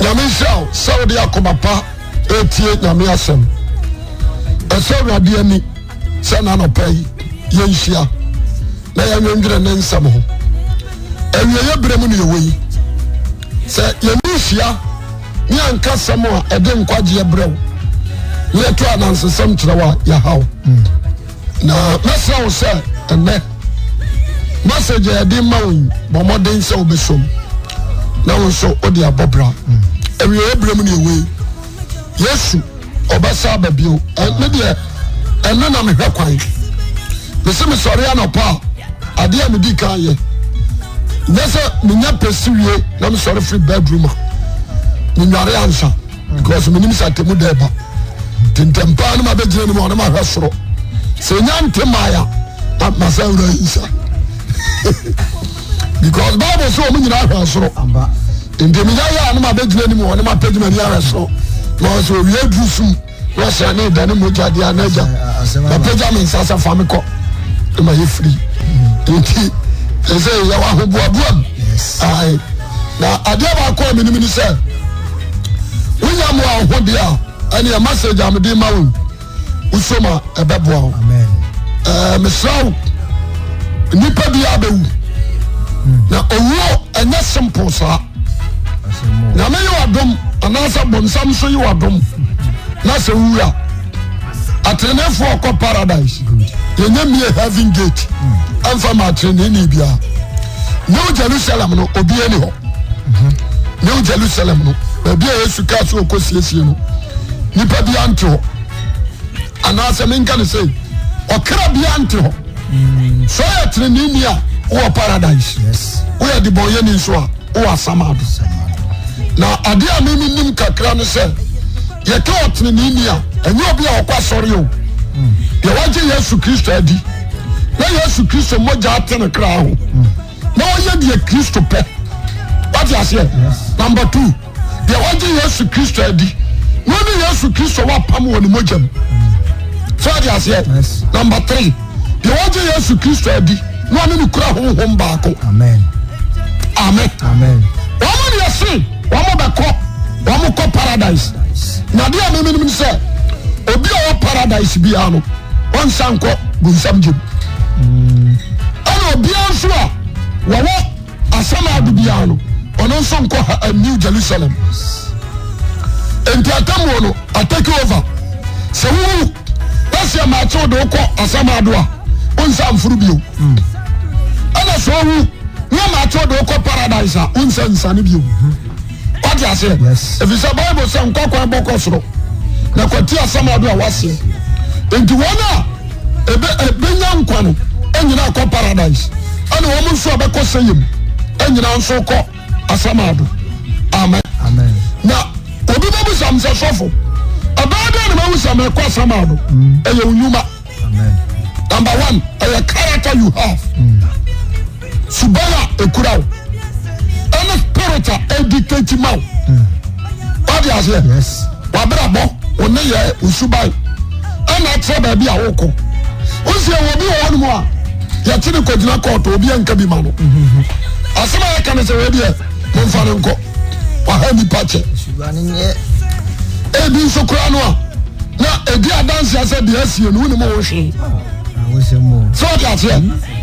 nyame nhyɛw sɛ wode akoma pa ɛtie nyame asɛm ɛsɛ awurade ani sɛ nanɔpa yi yɛnhyia na yɛnwendwerɛ ne nsɛm ho awieɛ berɛ mu ne yɛwɔ yi sɛ yɛne hyia ne anka sɛm a ɛde nkwagyeɛ berɛ wo ne yɛto anansesɛm kyerɛ wo a yɛhaw na mɛsrɛ wo sɛ ɛnɛ masage a yɛde ma wo yi bɔ mmɔden sɛ wobɛsom nowode abɔbra i brɛm ne ɛwei yɛsu ɔbɛsa ba bi medeɛ ɛno na mehwɛ kwan mese mesɔre anɔpa a adeɛ a medi kan yɛ nyɛsɛ menya pɛsewie na mesɔre fere bidroom a meware answa because menim saatemu daba tentampa no m abɛgyina nom onemahwɛ sorɔ sɛ ɛnya ntemaya masa wurainsa because bible sɛ ɔmo nyinaa hwɛ soro nti menya yɛ a ne ma bɛgyina anim wɔ ne ma pɛgyina ani ahwɛ soro na ɔsɛ owie du sum wɔsɛ ne da ne mogya deɛ anagya mapɛgya me nsa sɛ fa me kɔ ne ma yɛ firi mhm. nti ɛsɛ yɛwɔ ahoboaboam ae na adeɛ baakɔ a menim ne sɛ wonya mo a ho deɛ a ɛne ɛma sɛ gyamede ma wo wosom a ɛbɛboa wo mesrɛ wo nnipa bi abɛwu nowuo ɛnyɛ simpo saa name yowɔ dom anaasɛ bɔ nsam nso yowɔdom na sɛ wur a atreneefoɔ ɔkɔ paradise yɛnyɛ mmie heaving gate ɛmfa ma atreneeni biara new jerusalem no obieni hɔ neo jerusalem no baabia yesu kae se ɔkɔ siesie no nnipa bia nte hɔ anaasɛ menka ne se ɔkra bia nte hɔ sɛ yɛ terene ni a wowɔparadiswoyɛdbɔɛnisa wowɔ asam adona adeɛ anon nim kakra no sɛ yɛkɛ ɔteneneni a ɛnyɛ obi a wɔkɔ sɔre o deɛ wɔgye yesu kristo adi na yesu kristo mɔgya tene kraa ho na wɔyɛ deɛ kristo pɛ woade aseɛ numbe t deɛ wogye yesu kristo adi none yesu kristo woapam wɔ nemɔgyam sɛ wadeɛ aseɛ numba tr deɛ wogye yesu kristo adi amen ɔma no yɛse wmbɛkɔ mkɔ paradise nade a nononoom sɛ obi ɔwɔ paradise biar no ɔnsa nkɔ bunsam gye m ɛna obia nso a wɔwɔ asam ado biar no ɔno nso nkɔ aanew jerusalem ɛntiatamo no atake over sɛ wuu bɛ siɛ maakew de wokɔ asam ado a wonsan mforo bi sow matodek paradise a osansane b e fɛilean na bɛya nkwa yinak paradise nemabɛkɔ sayem yina ns asmado amn nb msmfanesɔadyɛa num ɛyɛkara oua subaya ekura wo ɛne spirit a edi kenti ma wo wadi aseɛ wabrabɔ wo ne yɛ osuban ɛna akyerɛ baabi a wokɔ wosie wɔ bi wɔ hɔ nom a yɛkye ne kɔgyina kɔɔtɔ obi anka bi ma no mm-hmm. asɛm a yɛka ne sɛ wɔdeɛ momfa ne nkɔ waha nipa kyɛ ebi nso koraa no a na ɛdi adanseɛ sɛ deɛ asie no wonem wo hwee ah, sɛ wode aseɛ mm-hmm.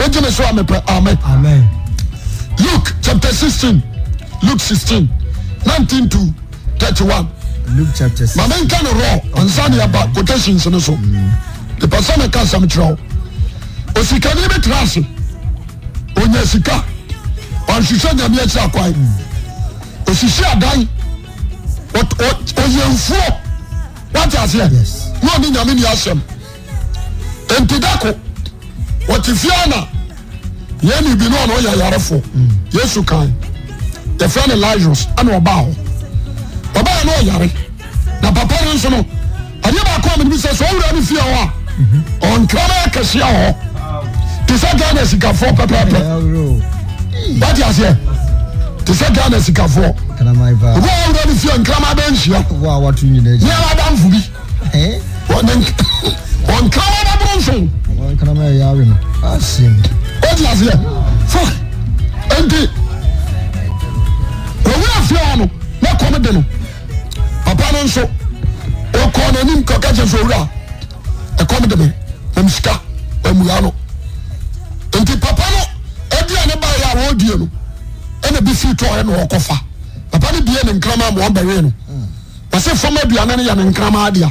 lk alk3mamnkan r ansanaba an seneso eesokesamero osikanibetrase oya sika asese nyam irakwa osese da oyemfo wajese on yans wɔte fiana yɛne bi no ɔna ɔyɛ ayarefo yesu kan yɛfrɛ ne lazarus ɛna ɔbaa hɔ ɔbaa no ɔyare na papa no nso no adeɛ baako a menim sɛ sɛ ɔwura no fie hɔ a ɔnkrama akɛseɛ hɔ te sɛ ghana sikafoɔ pɛpɛpɛ wate aseɛ te sɛ ghana sikafoɔ obi ɔwura no fie nkrama bɛnhyia neɛma bamfo bi ɔnkrama bɛboro nso sɛn wu aiaa no na komde no papa no nso ɔkɔnnim kkae sowra ɛkomdeme msika mua no nti papa no adia ne baɛa wɔdie no ɛne bifitɔɛnawɔkɔfa papa no bie ne nkrama moanbɛwe no mase fama aduanne yɛne nkramaadea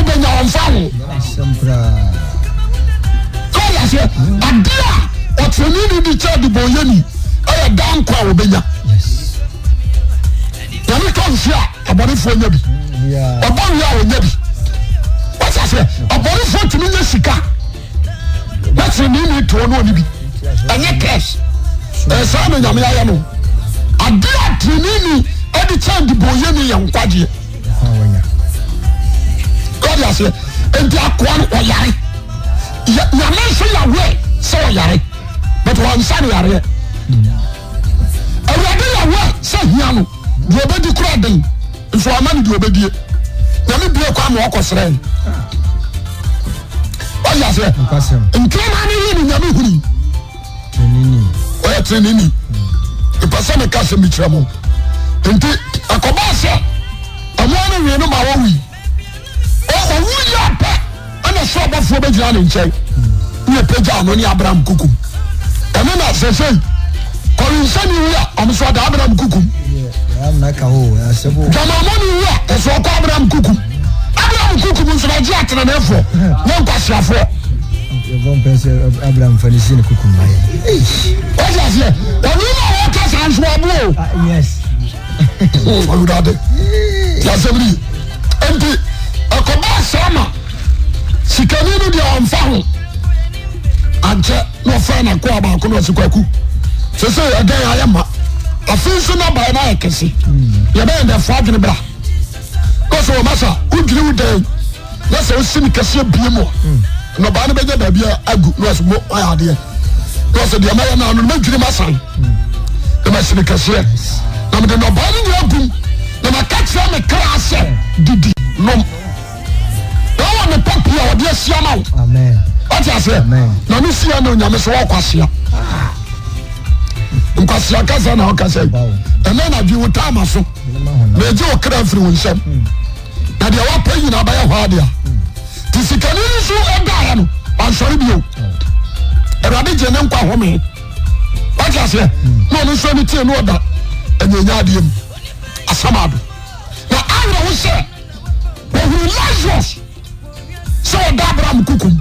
kɔnfa wo kɔɔ yɛ seɛ adeɛ a ɔtɛni ni di kyɛɛ de bɔ yɛ ni ɛyɛ dan kɔ a wɔbɛnya yɛne kɔnfi a abɔnefoɔ nya bi ɔbɔnwi a wɔnya bi wɔkyɛ seɛ abɔnefoɔ tumi nya sika bɛtɛni ni toɔ no ɔni bi ɛnyɛ kɛs ɛsɛ ɛna nyame ayɛ no adeɛ a tɛni ni ɛde kyɛɛ de bɔ yɛ ni yɛ nkwagyeɛ di aseɛ nti akoa no ɔyare nyame nso yawɛ sɛ ɔyare but wɔnsa no yareɛ awurade yawɛ sɛ hia no deɛ ɔbɛdi kora den nso ama no deɛ ɔbɛdie nyame bie kɔ ama ɔkɔ serɛ ɔdi aseɛ nkraman yi ne nyame huri ɔyɛ tirinini ìpɛ sɛ mi sɛ mi mo nti akɔba sɛ ɔmo ano wie no ma wɔ owuy pe ane su ofuo ei n je pe ja nonabram kku enena sesei onsemi wa oue aram kku jaao wa oo ram k aram so e naf eosasansuo n ɛkɔba sɛ ma sikani no de faho ɛ ɛ dɛɛe aakakerɛ me krasɛ didi no yɛwɔdeɛ siamao wt asɛɛnano sia no nyame sɛwwaseanwaeaanaɛɛnɛnadwewoama ah. so magyeɔkra mfiri wo nɛ hmm. na deɛwa nyinabɛyɛhɔdea hmm. sianen saɛ nonsre bi wurae ge ne hmm. nahe sɛ a ɔn sno te nda anynyadim aadowerɛ ɛs abraham kukum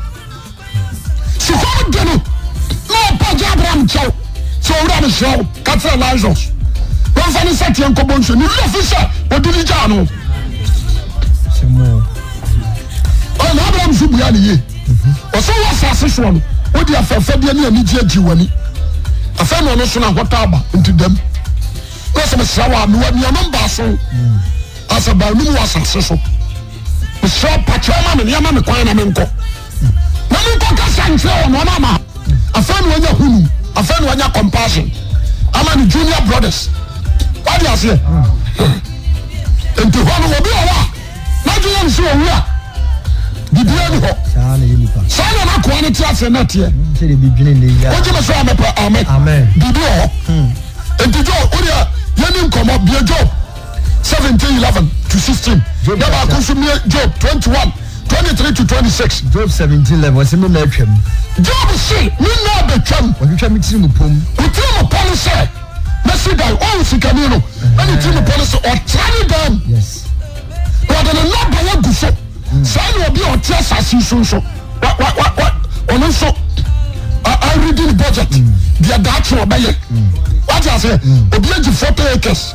sukuu di no na ɔpagye abraham kyɛw sɛ owura no hyerɛw ka lazarus wɔmfa ne sɛ teɛ nkɔbɔ nsuo ne wura fi sɛ ɔde ne gyaa no ɔna abraham so bua ne yie ɔsɛ wɔ asase soɔ no wode afɛfɛdeɛ ne anigye agyi w'ani afei na ɔno so no ahɔtɔ aba nti dam na sɛ mesrɛ wɔ a mewɔ nnuanom baa so asɛ baanum wɔ asase sọ pàtó ọmọ mi ní ọmọ mi kwan na mi nkọ na mi nkọ kásá nkyerẹ wọn ọmọ ama afẹ́ ni wọ́n yẹ hunu afẹ́ ni wọ́n yẹ compassion ama ni junior brothers wọ́n di aseɛ nti hɔ no obi wɔ hɔ a n'adu yɛn nso owu a bibi yɛn ni hɔ saa na n'akoa ne ti ase na teɛ o jẹ mi sọ amẹ pẹ amẹ bibi wɔ hɔ mm. nti jọ o de yɛ ni nkɔmɔ bie jọ seventeen eleven to sixteen yaba akunso mi job twenty one twenty three to twenty six. job seventeen eleven ọsẹ mi na ẹtwam. job si mi na abẹ twam. ọtwitwa mi tiri mu pom. o tiri mu pom sẹ mẹsi dan ọhún sikani no ẹni tiri mu pom sẹ ọtí ni dan. wọ́n ní nọ́ọ̀bù yẹn gu so mm. sáà ni obi ọtí ẹ̀sàsì so nso ọ̀nà nso ọ̀rẹ́dìn budget diẹ dàtí ọ̀bẹ yẹ wájú àṣẹ obi ẹ̀ jù forty acres.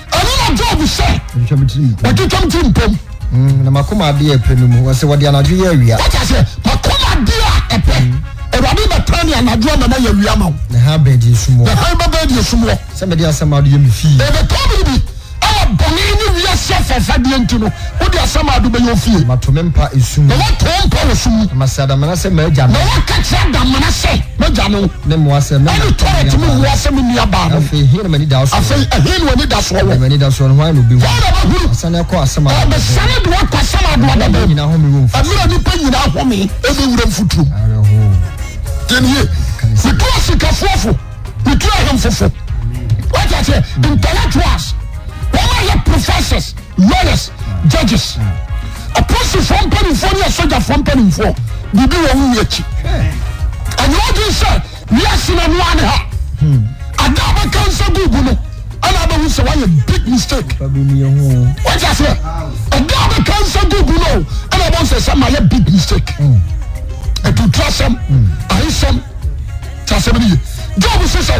ɛno na job sɛ ɔtwitwam tiri mpom mm, na makoma ade a ɛpɛ no mu wɔsɛ wɔde anadwo yɛ awia wata sɛ makoma ade a ɛpɛ mm. awurade bɛpɛ ne anadwo ama na yɛ awia ma wo ha bɛadi asumɔ ha bɛbɛadi asumɔ sɛ mede asɛm ade yɛ me fie ɛbɛtɔ biribi bɔnni ni wiase fafadeɛ nti no o de asam ado bɛ yɔ fie. ma tome mpa esum. na wa to mpa wɔ sum. na ma se adamana sɛ ma eja no. na wa kɛkɛ adamana sɛ ma ja no. ne mu ase mɛ. ɛni tɔɔrɔ ti mi wu ase mi nuya baa no. afei hin ma ni da so. afei hin ma ni da so wɔ. ma ni da so no hɔn obi wu. wɔn na ma huru. asane kɔ asam sani de kɔ asam ado ɔbɛ bɛ. ɛmira professors lawyers judges apɔsifoɔ mpanimfoɔ ne asogyafoɔ mpanimfoɔ biribi wɔ wo akyi ɛnyɛ wogye sɛ wiase na noa ne ha ada bɛka nsa gugu no ana bɛhu sɛ woayɛ big mistake wogye aseɛ ada bɛka nsa gugu no ana bɛhu sɛ sɛ mayɛ big mistake hmm. ɛtutu asɛm hmm. ayesɛm sɛ asɛm no ye job sesɛ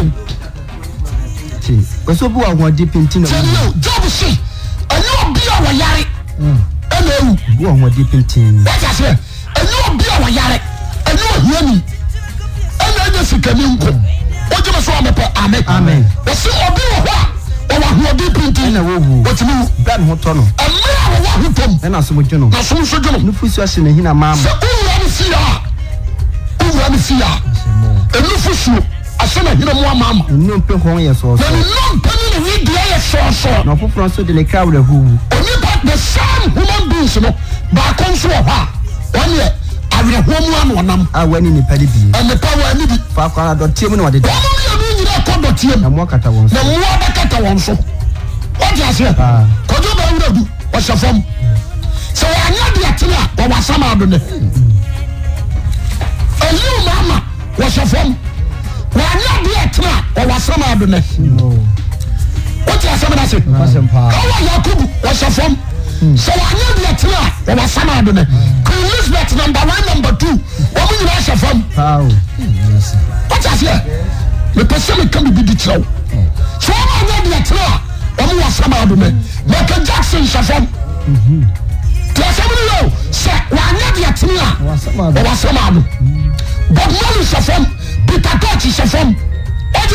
okay pẹ̀sẹ̀ obi wà wọ́n di pinti na hmm. wọ́n. tẹ̀lé o job si ẹni obi a wọ́n yare ẹna ewu. obi wà wọ́n di pinti. wájà sẹ ẹni obi a wọ́n yare ẹni ohia mi ẹna ẹnyẹ sikani nkọ o jẹ́ mi sọ ọmọ pẹ amen wọ́sí obi wọ̀ họ́ a wọ́n wà wọ́n di pinti. ẹna wọ́n wù wọ́n ti mi wù. bẹ́ẹ̀ ni wọ́n tọ́ nù. ẹ̀mí a wọ́n wà wọ́n tọ́ mu. ẹna asomọ jọ nù. na asomọ sọ jọ nù. nufusu ahyẹ n'ehin na maa mu. sẹ asɛn na hinɛ mu ama ama. nnompe hɔn yɛ sɔɔsɔ. na nnompe ni ni dua yɛ sɔɔsɔ. na foforɔ nso de ne kra wura huhu. onipa the same human beings no baako nso wɔ hɔ a wɔn yɛ awerɛhoɔ mu ano ɔnam. a wɔn ni nipa ni bi. nipa wɔn ni bi. faako ara dɔteɛ mu na wɔde da. wɔn yɛ mi nyinaa kɔ dɔteɛ mu. na mu akata wɔn so. na mu abɛkata wɔn so. wɔte aseɛ. kɔjú bɛ wura du wɔhyɛ fam. sɛ wɔanyɛ deɛ tene a wɔwɔ asam adone. ɛyi atena ɔwɔ asɛm ado nɛ wote asɛm no ase ɔwɔ yakob wɔhyɛ fam sɛ wɔanyɛ deɛ tena a ɔwɔ asɛm ado nɛ queen elizabeth number one number two wɔn mu nyinaa hyɛ fam wote aseɛ mepɛ sɛ meka biribi di kyerɛ wo sɛ wɔma anyɛ deɛ tena a wɔn wɔ asɛm ado nɛ michael jackson hyɛ fam tí a sọ mi yóò sẹ wà á nyẹ diẹ tìmí a wà á sẹ máa dùn bob marley sẹ fọm peter torch sẹ fọm.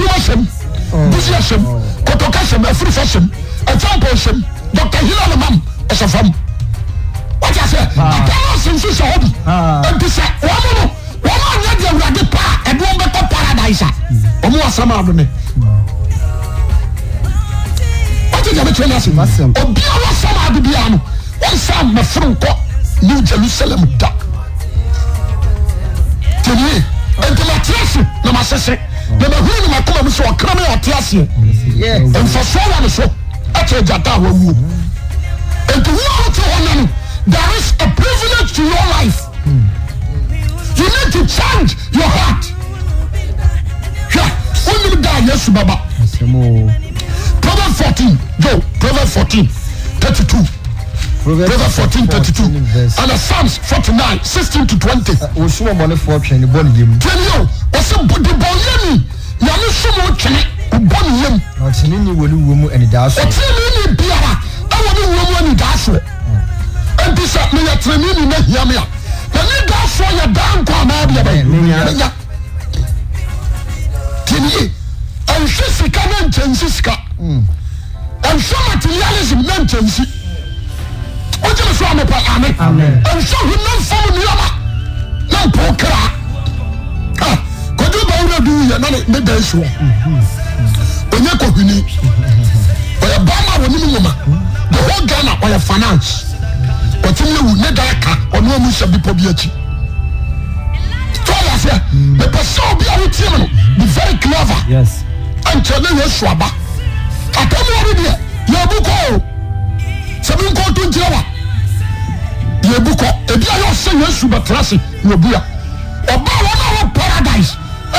s r jersalem dèbè hu ni ma kọ́ mi sọ ọ̀kẹ́rẹ́ mi àti àṣẹ nfọ̀sọ́ wà ní so ẹ̀kyẹ́ jata wọ̀ wù ètò wọ́n á ti wọ́n nani there is a privilege to your life you need to change your heart hwẹ wọ́n ní da Yesu bàbá Proverbs fourteen jo Proverbs fourteen thirty two. Proverbs 14 32 and the Psalms 49 16 to 20. Uh, ɛde bɔyani yane somookyene obneaoeramn bra n m andanɛyrannn yɛye nw sika nenkyansi sika hmm. nw materialism nankyansimeonmn n mr dwyɛnnne das ɔnɛ kɔn yɛ bama ɔnem oma the whoe gana ɔyɛ finance atimnwu ne daka ɔnemu sɛ bipɔ biakyi ysɛ ɛpɛ sɛobia wotie muno be very clever ankyɛne yɛasu aba amab biɛ yɛbkɔ sɛminkɔtonkyerɛ wa yɛ bukɔ biayɛɔsɛ yɛasu bɛtrase yɛa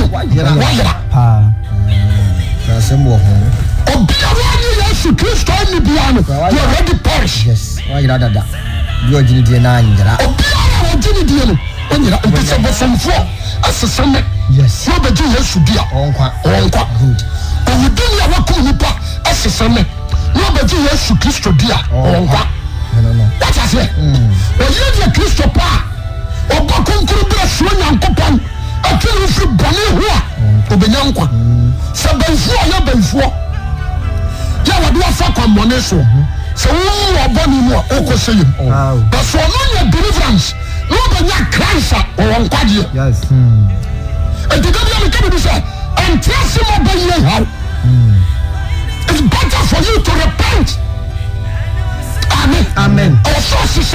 wɔyera obi a wɔne yesu kristo ni bia no they already perish obi a wɔgye ne die no ɔnyera nti sɛ asesa ne na ɔbɛgye yesu di ɔnkwa ɔwudi ne a wakum nipa asesa ne na ɔbɛgye yesu kristo di a ɔnkwa wɔtaseɛ ɔyɛ deɛ kristo pa a ɔbɔ konkoro berɛ suro twnei bɔneho a obɛnyankwa sɛ banfuɔ yɛ bafoɔ yɛwɔde wafa kɔmmɔne soɔ sɛ wohunbɔne mu a wokɔsɛ yɛm bɛsoɔ no nyɛ deliverance ne obɛnya cranse ɔwɔnkwadeɛ hmm. nti dabiameka bɛdi sɛ anteasɛ mbɛyɛhaw its better fo you to repent anesɛss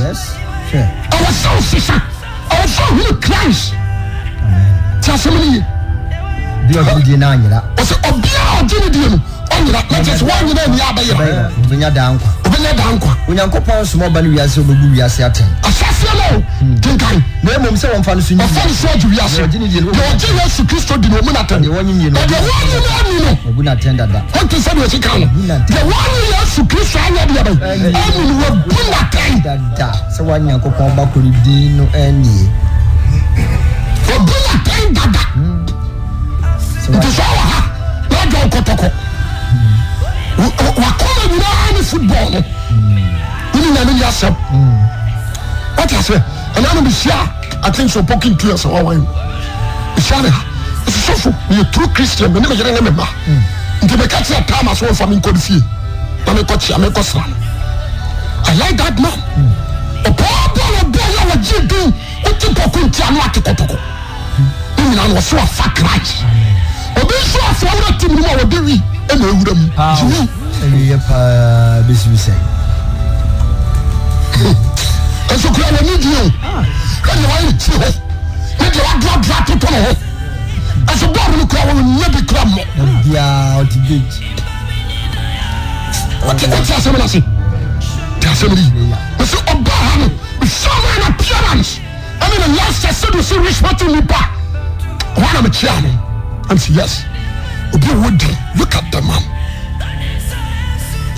yes sure ọwọ sọ òṣìṣà ọwọ sọ òhun christ tí a sọ mi nìyẹn. bí ọdún di náà nyira. ọsẹ ọbí a ọdún di yẹn mu ọnyira lẹ́tẹ̀sì wọ́n nyina ẹ̀mí abẹ́yẹrẹ. ọbẹ̀ yẹn ọdún yẹn ne da nkwa. onyankopɔn soma ɔba no wiase ɔbɛbu wiase atɛn. asase no kinkan. Hmm. na emom sɛ wɔn fa no so nyi. ɔfa no so agye wiase. ɔgye ne die no. ɔgye yesu kristo di na omu n'atɛn. deɛ wɔnyi yie no. ɔdeɛ wɔnyi no ami no. ɔbu n'atɛn dada. o ti sɛ deɛ osi kan no. deɛ wɔnyi yesu kristo ayɛ deɛ bɛ. ɛnu ni wɔbu n'atɛn. dada sɛ wɔn anyankopɔn ɔba kori din no ɛnie. ɔbu n'atɛn dada. Hmm. nti sɛ ɔwɔ ha n'agya ɔkɔtɔkɔ. fobo ms otr hrisianyet oos a dd eeta ama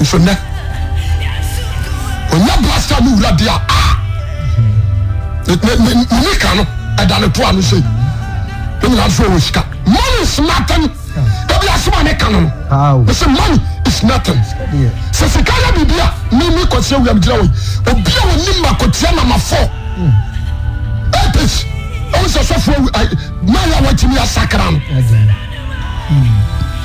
nsoɛ ɔnya bas nowuradɛa n ka no ɛdan ta nosei yinanowɔsika mnsonsoma ne kan noɛs mony isnotin sɛ sika yɛ birbia emse ga obinma a namaf hmm. pɛsfomwatimiasakra no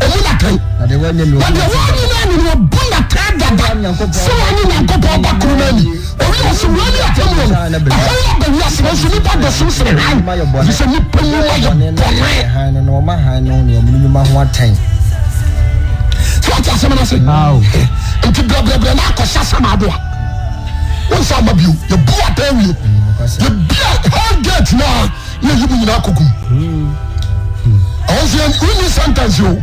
ɛmu na kan wɔde wɔn nyinaa nyinaa bu na taa dada sɛ wɔn ne nyankopɔn ba kuro no ani obi yɛ sɛ wɔn ne atam wɔn ɛhɔ yɛ bɛwi asɛm nso nipa dɔ so sere han ɛfi sɛ nipa mu ma yɛ bɔnɛ sɛ wɔte asɛm no se nti brɛbrɛbrɛ na akɔhyɛ asɛm ado a wonsa ma bio yɛbu ataa wie yɛbia hallgate naa yɛyi mu nyinaa kɔkum ɛwɔ sɛ wonni sentence o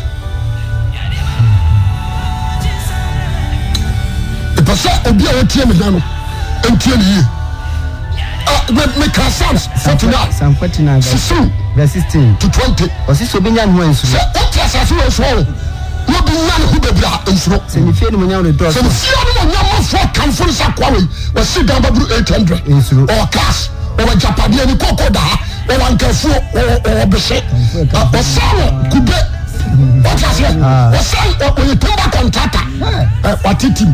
mepɛ sɛ obi a wɔtie me hɛ no ntie ne yie meka sams 49 to 20 ɔsi sɛ obi nya ne ho ansuro sɛ wote asase wɔ nsuo wo wobi nya ne ho bebree a nsuro sɛ ne fie no mu nya ne dɔɔso sɛ ne fie no mu nya mafoɔ kamfo no sɛ kwa wei wɔsi dan baburu 800 nsuro ɔwɔ cash ɔwɔ japadeɛ ne kɔkɔ da ha ɔwɔ nkafuo ɔwɔ bese ɔsan wɔ kube ɔte aseɛ ɔsan ɔyɛ timba kɔntrata watetim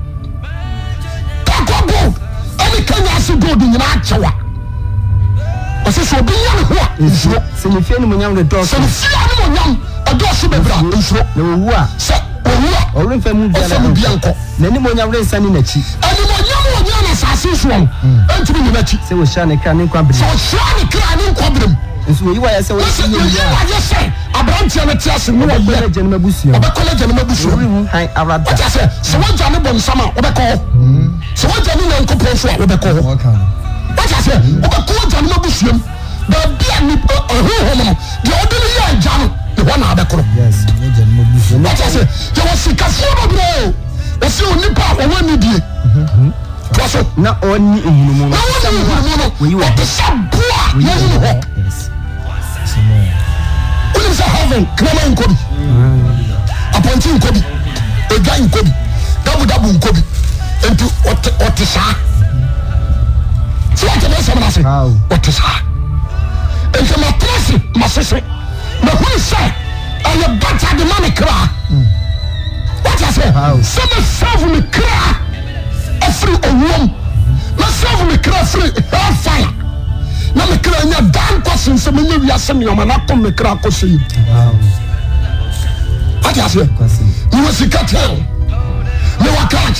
mɛka wiase gold nyinaa kyɛ wa ɔsɛ sɛ obi nya ne ho a nsuro sɛ ne no mu ne dɔɔso sɛ ne no mu nyam ɛdɔɔso nsuro na owu a sɛ owu a ɔwura nfa mu bia na bia nkɔ na anim onyam ne nsa ne n'akyi anim onyam wɔ na saase so wɔn hmm. ɛntumi ne n'akyi sɛ wɔhyia ne kra ne nkwa bere sɛ wɔhyia ne kra ne nkwa bere mu nso oyi wa yɛ sɛ wɔyɛ yie yie a wɔyɛ sɛ aberanteɛ no te ase ne wɔyɛ ɔbɛkɔ lɛgya busua ɔbɛkɔ lɛgya busua ɔbɛkɔ lɛgya busua ɔbɛkɔ lɛgya busua ɔbɛkɔ lɛgya busua ɔbɛkɔ lɛgya busua ɔbɛkɔ lɛgya busua ɔbɛkɔ lɛgya busua ɔbɛkɔ lɛgya busua ɔbɛkɔ lɛgya busua ɔbɛkɔ lɛgya busua ɔbɛkɔ lɛgya busua ɔbɛkɔ lɛgya busua ɔbɛkɔ lɛgya busua ɔbɛkɔ lɛgya busua ɔbɛkɔ lɛgya busua ɔbɛkɔ lɛgya busua ɔbɛkɔ lɛgya busua ɔbɛkɔ lɛgya busua ɔbɛkɔ lɛgya sɛ wogya ne nyankopɔn so a wobɛkɔ hɔ wata sɛ wobɛkɔ wogya no mabusuam baabi a ɔhohom no deɛ ɔde no yɛ agya no ne hɔ na abɛkorɔ wata sɛ yɛwɔ sikafoɔ babrɛ o ɛsɛ onipa a ɔwɔ anidie toa mm-hmm. so na ɔni nhunumu no ɔte sɛ boa yɛhunu hɔ wonim sɛ heaven krama nkɔ bi mm. apɔnte nkɔ bi ɛdwa nkɔ bi dabudabu nkɔ bi mmns tsaa nt marse masese mahun sɛ ɛyɛ bata dema ne kra watasɛ sɛ mesafo me kra aseri owom masɛfo mekra sri haaa na mekra nya da nkɔsen sɛ memewiase meɔmana ko me kra kɔsoim watase mwsika t mwkak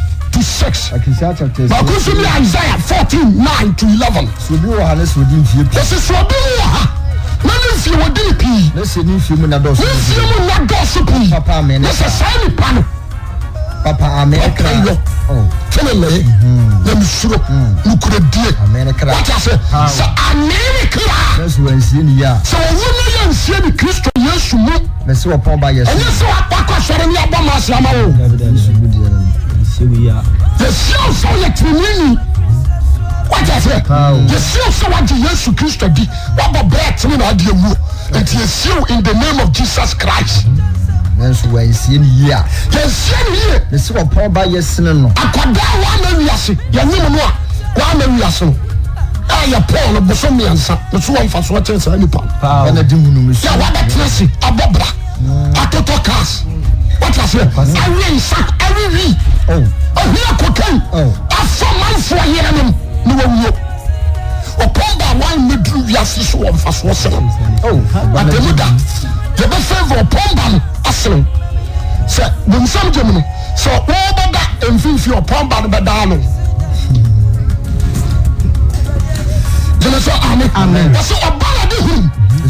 to six. baako nso bi isaiah fourteen nine to eleven. sobi wɔ ha ne sodi nfie pii. esi sobi wɔ ha na ne nfie wɔ di pii. ne se ne nfie mu na dɔɔso ne nfie mu na dɔɔso pii. papa amen. ne sɛ saa nipa no. papa amen kra. yɔ kele lɛ na misuro nukure die. amen kra. wàtí ase sɛ amen kra. sɛ wɔ nsie ni ya. sɛ wɔ wɔ ne yɛ nsie ni kristo yesu mu. mɛ sɛ wɔ pɔn ba yɛ so. ɛnyɛ sɛ wɔ akɔ akɔ sɔrɔ ni abɔ maa si ama wo. yɛsi ɔsɛ ɔyɛ tirinwini wagye ase yɛsi ɔsɛ wagye yesu kristo di wabɔ bɛrɛ tini na adi ewu nti yɛsi o in the name of jesus christ. nanso wɔansie no yie a yɛnsie no yie ne sɛ wɔpɔn ba yɛsene no akɔdaa wɔama wiase yɛnim no a wɔama wiase no a yɛ paul no boso mmiɛnsa ne so wɔmfa so wɔkyerɛ saa nnipa ɛna de hunumu sɛ wɔbɛtena se abɔbra mm. atotɔ cars sɛaensa arei ia kn asɔ manfoɔ yeɛnom na wwu ɔpɔn ba womɛdurwiase so wɔmfa soɔseram admuda yɛbɛsɛiva ɔpɔn ba no aserɛw sɛ nsam gye m no sɛ wɔbɛda mfimfi ɔpɔn ba no bɛda no enɛ nsoeɛsɛbd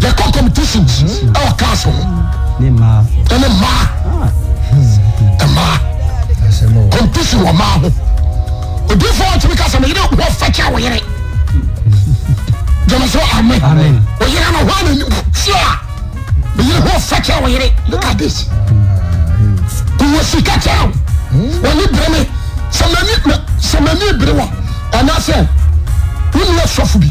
the court competitions ɛwɔ council ne mmaa ɛne mmaa Ma. Ah. competition wɔ Ma. ho obi fɔ ɔtumi kasa mi yiri wɔ fɛkyɛ wɔ yiri jɔnso amen wɔ yiri na wɔn anim tia mi yiri wɔ fɛkyɛ wɔ yiri look at this ah. wɔ sika kyɛw hmm? wɔn ni bere mi sɛmɛni sɛmɛni bere wɔ anaasɛ wɔn ni yɛ sɔfo bi.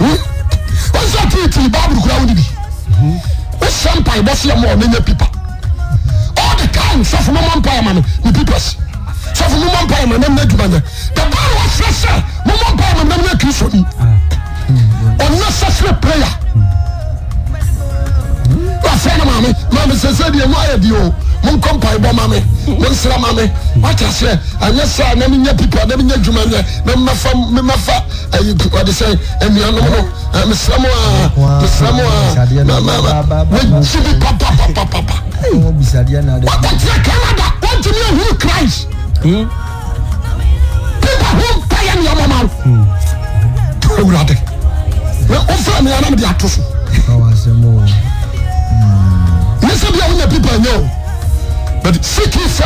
ese tete babrukora wdibi osempa bosee moo mene pipe oldeka sofo momoaama me pipes f mmadu easese mae kson onesesere praye senemame mamsese d yd monkompbɔmme menseramame ata sɛ anyɛ sa na meya pipe na menya adwuma nyɛ nmafa eh, hmm. hmm. de sɛ amuanom nomesrmerm ibi ɛ canada ɛ chris ɛ neɛm wrde ofra neanam de atoso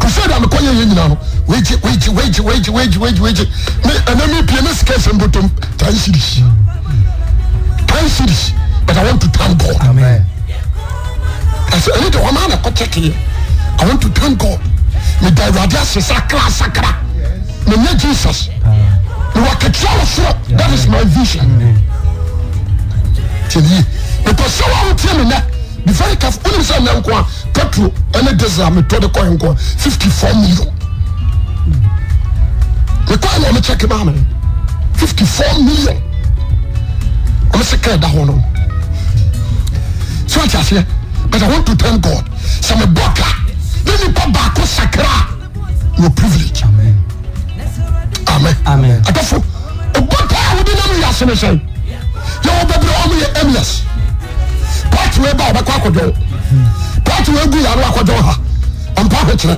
sdmeyeyeyna nbmeesrdaaresu earayo ne5 millin ee5 million eeea erave pɔt wei ba ɔbɛkɔ akɔdɔn pɔt wei gu yàrá akɔdɔn ha ɔmpa ahokyerɛ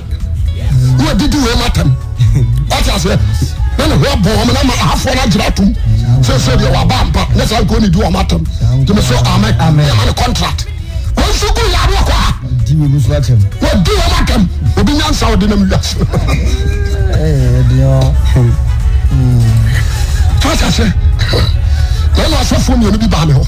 ne didi wei ma tɛm ɔte aseɛ ne ne ho bɔ wɔn na ma ahafoɔ na gyina tum sese deɛ waba mpa ne san ko ne di wɔn atɛm dimi so amen yɛ ma ne contract wɔn nso gu yàrá akɔ ha di wɔn nso atɛm wɔ di wɔn atɛm obi nyansa ɔdi ne mu yɛ so. ɛɛ diɔ. ɔte aseɛ lẹ́nu asọ́fún mi mi hàn.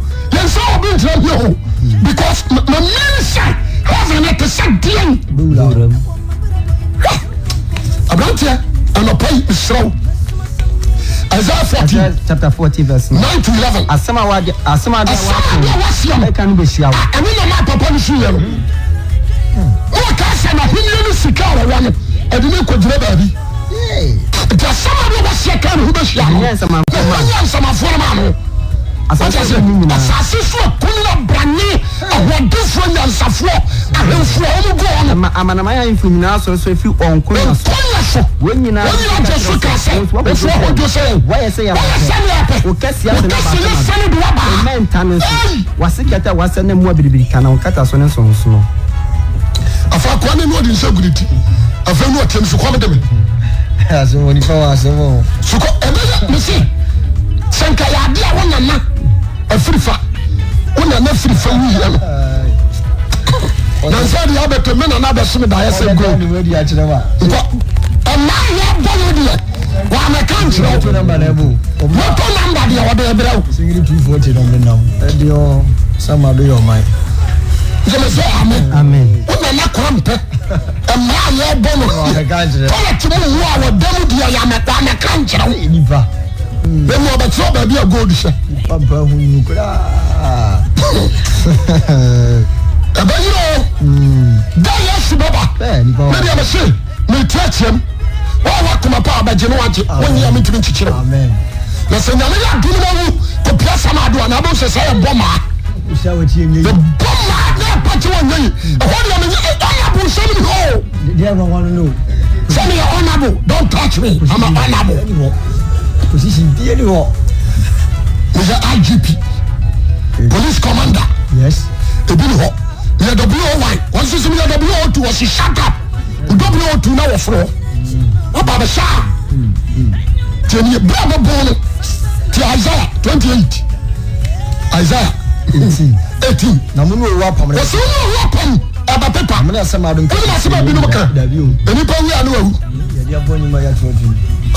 0 asase so akunu na brane ahoɔdenfoɔ nyansafoɔ ahemfoɔ ɔmo gu hɔ no amanaman ahemfo nyinaa sɔrɔ so efiri ɔnko na so ɔnko na so wɔn nyinaa agye so ka sɛ ofu ahodo sɛ wɔyɛ sɛ yɛ pɛ wɔkɛse asɛ ne sɛne de waba ɛmɛ nta ne so wase kɛtɛ wase ne mua biribiri kana wɔkata so ne nsonsono afa akɔa ne ne ɔde nsa gu ne ti afa ne ɔtiam so kɔm de me asɛm wɔ nipa wɔ asɛm wɔ so kɔ ɛbɛyɛ me se sɛ nka yɛ adeɛ a wo nana afiri fa wo na na afiri fa wo yia no nansa de abɛtɔ me na na abɛsome daeɛ sɛ go nkɔ ɛna yɛ bɔ wo deɛ wàmẹ̀ká nkyerɛ wò mọ́tò nàmbà deɛ wɔde ɛbrɛ wò. sigiri two forty na mi nam ɛdi ɔ sama bi yɛ ɔman. yẹmẹsẹ amen wọn nana kura mpɛ ɛmɛ a yɛ bɔ no tɔlɛti mu wu a wɔ dɛmu deɛ yàmẹ̀ká nkyerɛ wò. bba ɛɛbɛ hmm. a yɛsɔbmɛye met kiɛm omapabagenooge nyeametimi kyikire n sɛ nyam yɛ dnom wu psamdnɛyɛɔmaak yɛi ɛɛ mnnyɛble position die ni hɔ. yɛyɛ igp police commander. yes. ebi ni hɔ yɛ woy wɔn soso mi yɛ wo2 wɔsi shut up e W 2 na wɔforo ɔba hmm. hmm. bɛ saa tiɛ ni bɛɛ bɛ bɔn no ti isaiah twenty eight isaiah eighteen. na mu n'owu apam. wosi mu n'owu apam ɛba pepa. amina sɛ maa dun kɛ. o ni ma se ma bi kan. enipa wi ani wa wu. yɛ di abɔ ɲuman yɛ tɔ bi.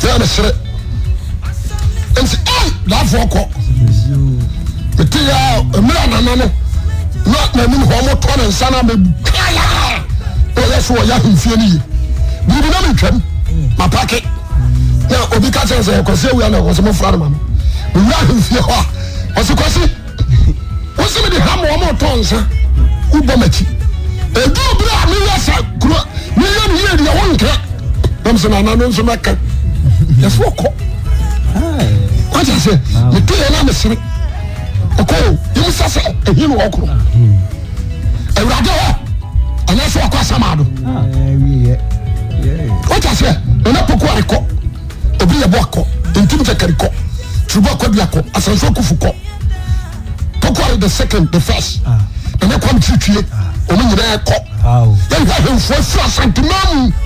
sɛ mesere nti daafoɔ kɔ mete yɛ mmerɛ nana no na nanim hɔ motɔ ne nsa no mebala ɔyɛ so ɔyɛ ahemfie no ye biribi na metwam mapake na obi ka kyerɛ sɛ kwase awia na wɔse mofra no ma no mewura ahemfie hɔ a ɔse kwase wose mede ha ma ɔmotɔ nsa wobɔ m'akyi ɛduru berɛ a meyɛ sa kuro meyɛ no yɛ deɛ wonkra nam sɛ nana no nso mɛka sot sɛ metyɛnmesere mssɛ wor wurade h ɛnsɛ kɔ samado t sɛ ɛna pokuware ko obiri yɛboakɔ ntim dakari kɔ turubɔ kɔ biak asansu kufu kɔ pokuware the secondthe first ɛne kwamtirite ɔnyeɛkmsn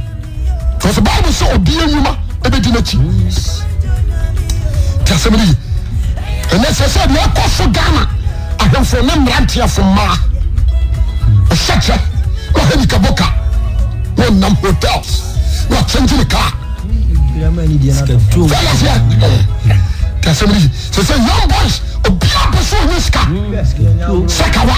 biblesɛ obia nwuma ɛbɛdinokɛɛɛsɛ naɛkɔ so ghana ahwefo ne mmara nteɛfo ma syɛkyɛ e ahayi kaboka nenam hotel akɛngine kaaɛɛyoun boy obibsneska ɛkawa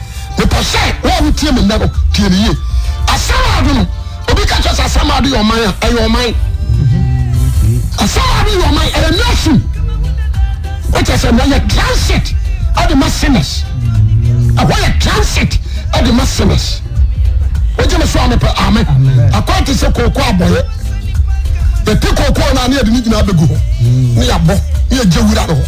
ep sɛ ɔhtiemenɛm tinye asamadn oba ɛasadd ɛyɛn ada syɛ transi adma ens emesoapɛ aat sɛ kokɔ ɔyɛ ɛte kokɔn ne ɛdene gyina bɛgu hɔ neyygya wra hɛnd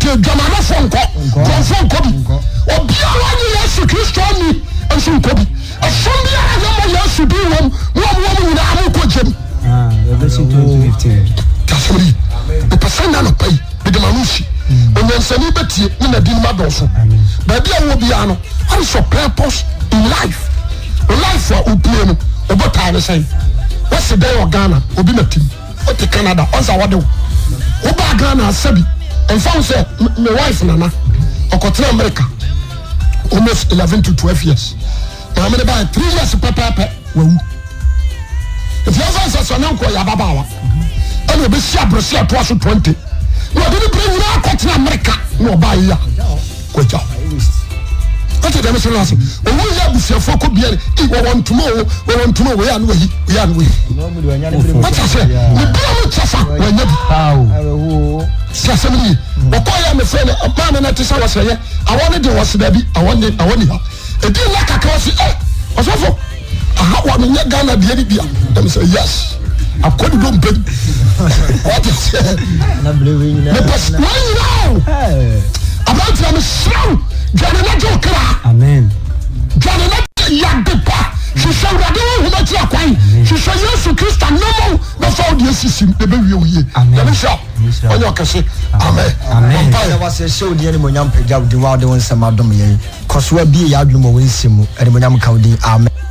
tie dwamanofo nkɔ dɔnfo nkɔ bi obiara nye yesu kristo ni nso nkɔ bi ɛfɔm bi a ɛyɛ mo yesu bi wɔm mo a mo wɔ mo nyinaa mo kɔ gyem. kasori mpɛsɛ na nɔpɛ yi bidima no si hmm. onyansani bɛtie ne na di nima dɔnso baabi a wɔ biara no what is your purpose in life life a opie no ɔbɔ taa ne sɛn wɔsi dɛn wɔ ghana obi na tim ɔte canada ɔnsa wɔde wo wɔba ghana asɛbi nfam sɛ my wife nana ɔkɔtena america almost eleven to twelve years maame de baa three years pɛpɛɛpɛ wawu efi afan sɛ sɛ ne nkɔ yɛ ababaawa ɛna obi si aburusi ɛtoa so twenty na ɔde ne bere nyinaa akɔtena america na ɔbaa yi a kɔgya wọ́n ti dẹ̀mí sinmi ase owó yẹ abusuafo kò bíyà ni wọ́wọ́ ntoma o wọ́wọ́ ntoma o wọ́yà ni wọ́yì wọ́yà ni wọ́yì wọ́n ti sẹ́ ní bí wọ́n ti sẹ́fà wọ́n nyẹ́ bi si asẹ́mi yìí ọkọ yà mí fẹ́ ni maa mi náà ti sẹ́ wọ́n sẹ́ yẹ àwọn ni di wọ́n sẹ́ dẹ́bi àwọn ni àwọn ni ha èdè ńlá kàkà wọ́n si ẹ ọ̀sọ́fọ̀ aha wà mí nyẹ Ghana diẹ ni bia dẹ́mi sẹ́ yẹs akɔdu do mpɛ wọ́n ti sẹ́ mepɛ wọ́n nyinaa abiranteɛ mi sẹ́wọ́ dwane na gye kra dwane na gye yade pa hyehyɛ awurade wo nhoma kyi akwan hyehyɛ yesu kristo anoma wo bɛfa wo deɛ sisi m ɛbɛwie wo yie dame hyɛ ɔnyɛ ɔkɛse amenwasɛhyɛ wo deɛ ne monyam pagya wo din wa wode wo nsɛm adom yɛn kɔsoa bie yɛ adwene ma wo nsi mu ɛne monyam ka wo din amen